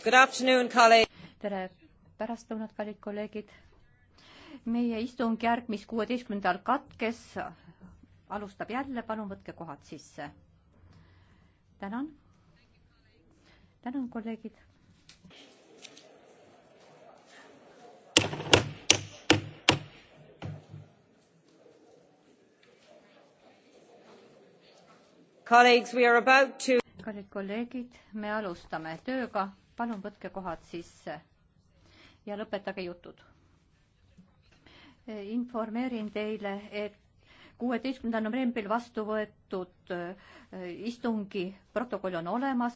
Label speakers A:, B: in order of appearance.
A: tere
B: pärastlõunat, kallid kolleegid. meie istungjärk, mis kuueteistkümnendal katkes, alustab jälle, palun võtke kohad sisse.
C: tänan. tänan, kolleegid.
D: Colleagues, we are about
B: to kallid kolleegid, me alustame tööga, palun võtke kohad sisse ja lõpetage jutud. informeerin teile, et kuueteistkümnendal novembril vastu võetud äh, istungi
E: protokoll on olemas.